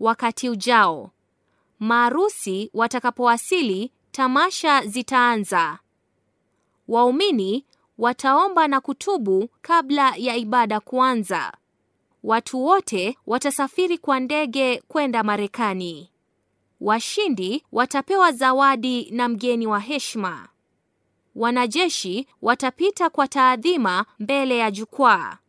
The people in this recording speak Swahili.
wakati ujao. Maarusi watakapowasili, tamasha zitaanza. Waumini wataomba na kutubu kabla ya ibada kuanza. Watu wote watasafiri kwa ndege kwenda Marekani. Washindi watapewa zawadi na mgeni wa heshima. Wanajeshi watapita kwa taadhima mbele ya jukwaa.